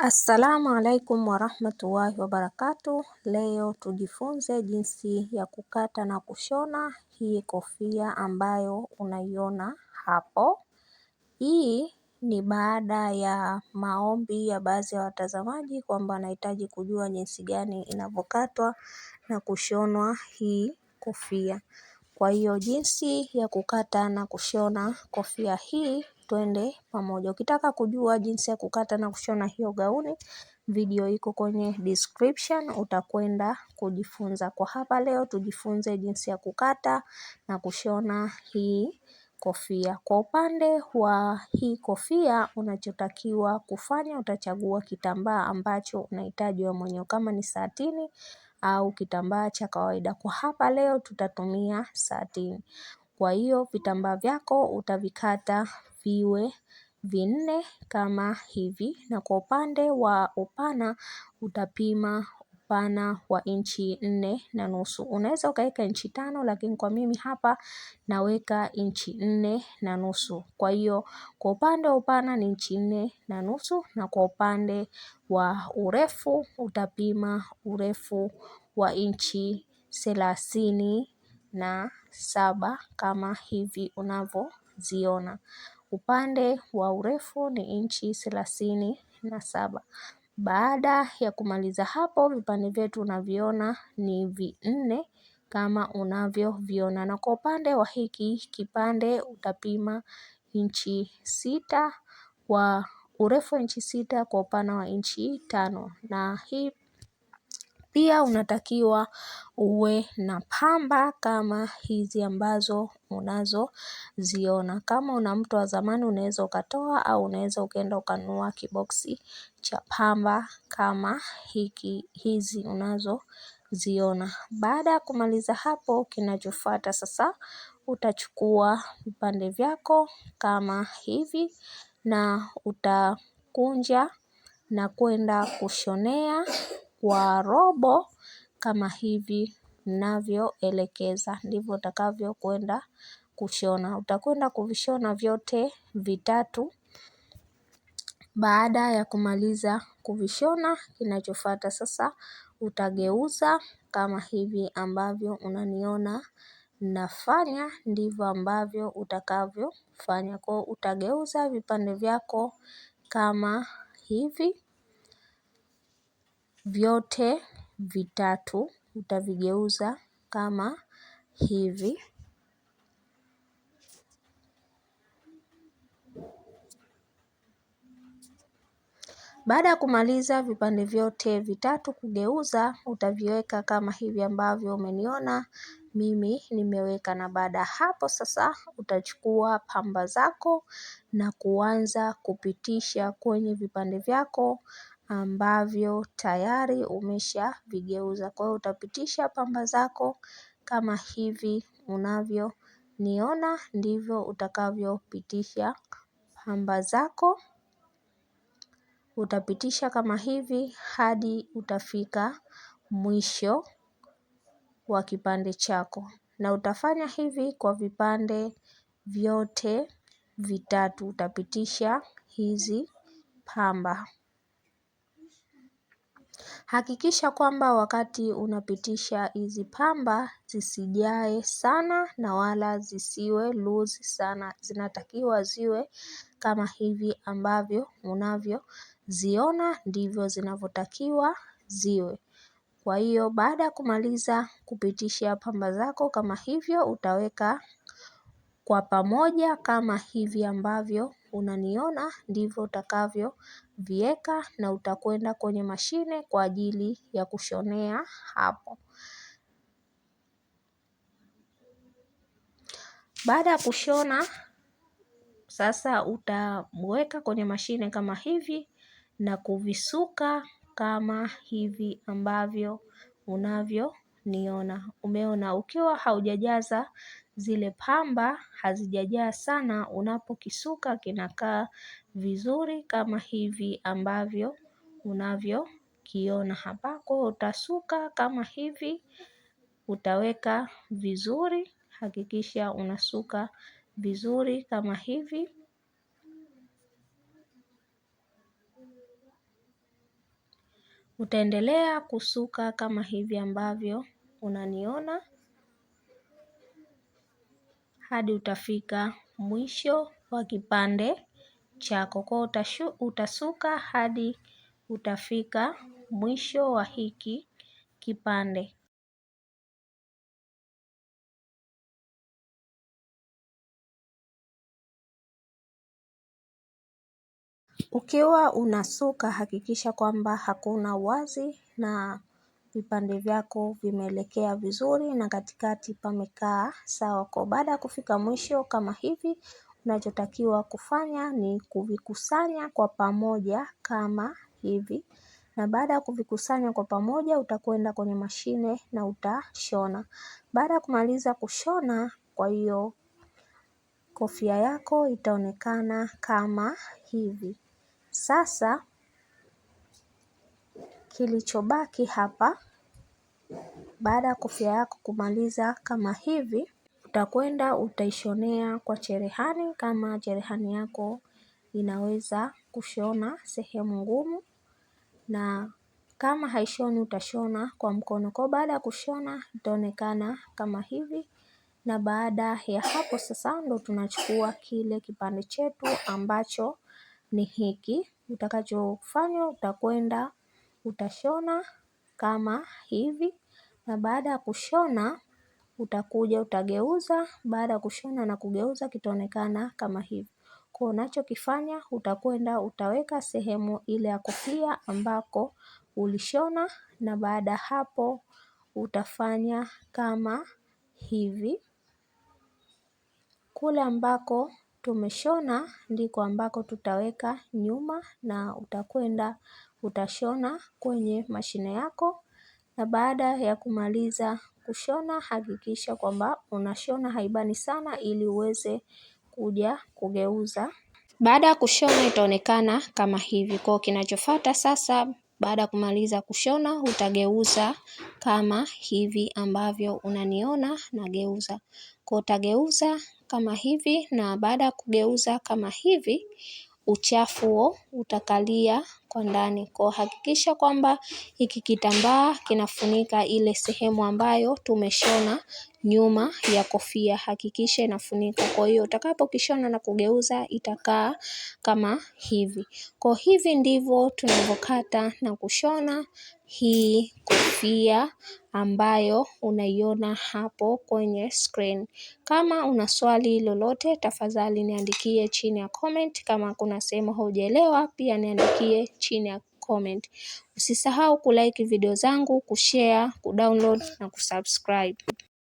Assalamu alaikum warahmatullahi wabarakatuh. Leo tujifunze jinsi ya kukata na kushona hii kofia ambayo unaiona hapo. Hii ni baada ya maombi ya baadhi ya watazamaji kwamba anahitaji kujua jinsi gani inavyokatwa na kushonwa hii kofia. Kwa hiyo jinsi ya kukata na kushona kofia hii twende pamoja. Ukitaka kujua jinsi ya kukata na kushona hiyo gauni, video iko kwenye description, utakwenda kujifunza. Kwa hapa leo tujifunze jinsi ya kukata na kushona hii kofia. Kwa upande wa hii kofia, unachotakiwa kufanya utachagua kitambaa ambacho unahitaji wewe mwenyewe, kama ni satini au kitambaa cha kawaida. Kwa hapa leo tutatumia satini. Kwa hiyo vitambaa vyako utavikata viwe vinne kama hivi na kwa upande wa upana utapima upana wa inchi nne na nusu. unaweza ukaweka inchi tano lakini kwa mimi hapa naweka inchi nne na nusu. Kwa hiyo kwa upande wa upana ni inchi nne na nusu na kwa upande wa urefu utapima urefu wa inchi thelathini na saba kama hivi unavyoziona. Upande wa urefu ni inchi thelathini na saba. Baada ya kumaliza hapo vipande vyetu unaviona ni vinne kama unavyoviona na kwa upande wa hiki kipande utapima inchi sita kwa urefu wa inchi sita kwa upana wa inchi tano na hii pia unatakiwa uwe na pamba kama hizi ambazo unazoziona. Kama una mtu wa zamani unaweza ukatoa au unaweza ukaenda ukanunua kiboksi cha pamba kama hiki hizi unazoziona. Baada ya kumaliza hapo kinachofuata sasa utachukua vipande vyako kama hivi na utakunja na kwenda kushonea kwa robo kama hivi ninavyoelekeza ndivyo utakavyokwenda kushona. Utakwenda kuvishona vyote vitatu. Baada ya kumaliza kuvishona, kinachofuata sasa utageuza kama hivi ambavyo unaniona nafanya ndivyo ambavyo utakavyofanya. Kwa utageuza vipande vyako kama hivi Vyote vitatu utavigeuza kama hivi. Baada ya kumaliza vipande vyote vitatu kugeuza, utaviweka kama hivi ambavyo umeniona mimi nimeweka. Na baada ya hapo sasa, utachukua pamba zako na kuanza kupitisha kwenye vipande vyako ambavyo tayari umesha vigeuza. Kwa hiyo utapitisha pamba zako kama hivi unavyo niona ndivyo utakavyopitisha pamba zako. Utapitisha kama hivi hadi utafika mwisho wa kipande chako. Na utafanya hivi kwa vipande vyote vitatu utapitisha hizi pamba. Hakikisha kwamba wakati unapitisha hizi pamba zisijae sana na wala zisiwe loose sana zinatakiwa ziwe kama hivi ambavyo unavyoziona ndivyo zinavyotakiwa ziwe. Kwa hiyo baada ya kumaliza kupitisha pamba zako kama hivyo utaweka kwa pamoja kama hivi ambavyo unaniona ndivyo utakavyo utavieka na utakwenda kwenye mashine kwa ajili ya kushonea hapo. Baada ya kushona sasa utaweka kwenye mashine kama hivi na kuvisuka kama hivi ambavyo unavyo niona umeona ukiwa haujajaza zile pamba hazijajaa sana unapokisuka kinakaa vizuri kama hivi ambavyo unavyokiona hapa kwa hiyo utasuka kama hivi utaweka vizuri hakikisha unasuka vizuri kama hivi Utaendelea kusuka kama hivi ambavyo unaniona hadi utafika mwisho wa kipande chako. Kwa utashu, utasuka hadi utafika mwisho wa hiki kipande. Ukiwa unasuka hakikisha kwamba hakuna wazi na vipande vyako vimeelekea vizuri na katikati pamekaa sawa kwa baada ya kufika mwisho kama hivi unachotakiwa kufanya ni kuvikusanya kwa pamoja kama hivi na baada ya kuvikusanya kwa pamoja utakwenda kwenye mashine na utashona. Baada ya kumaliza kushona kwa hiyo kofia yako itaonekana kama hivi. Sasa kilichobaki hapa baada ya kofia yako kumaliza kama hivi, utakwenda utaishonea kwa cherehani. Kama cherehani yako inaweza kushona sehemu ngumu, na kama haishoni utashona kwa mkono. Kwa baada ya kushona itaonekana kama hivi, na baada ya hapo sasa ndo tunachukua kile kipande chetu ambacho ni hiki utakachofanya utakwenda utashona kama hivi, na baada ya kushona utakuja utageuza. Baada ya kushona na kugeuza kitaonekana kama hivi. Kwa unachokifanya utakwenda utaweka sehemu ile ya kofia ambako ulishona, na baada hapo utafanya kama hivi. Kule ambako tumeshona ndiko ambako tutaweka nyuma na utakwenda utashona kwenye mashine yako na baada ya kumaliza kushona hakikisha kwamba unashona haibani sana ili uweze kuja kugeuza. Baada ya kushona itaonekana kama hivi. Kwa kinachofuata sasa baada ya kumaliza kushona utageuza kama hivi ambavyo unaniona nageuza. Kwa utageuza kama hivi na baada ya kugeuza kama hivi uchafu huo utakalia kwa ndani. Kwa hakikisha kwamba hiki kitambaa kinafunika ile sehemu ambayo tumeshona nyuma ya kofia hakikisha inafunika kwa hiyo utakapokishona na kugeuza itakaa kama hivi kwa hivi ndivyo tunavyokata na kushona hii kofia ambayo unaiona hapo kwenye screen. Kama una swali lolote tafadhali niandikie chini ya comment. Kama kuna sehemu haujaelewa pia niandikie chini ya comment. Usisahau kulike video zangu, kushare, kudownload na kusubscribe.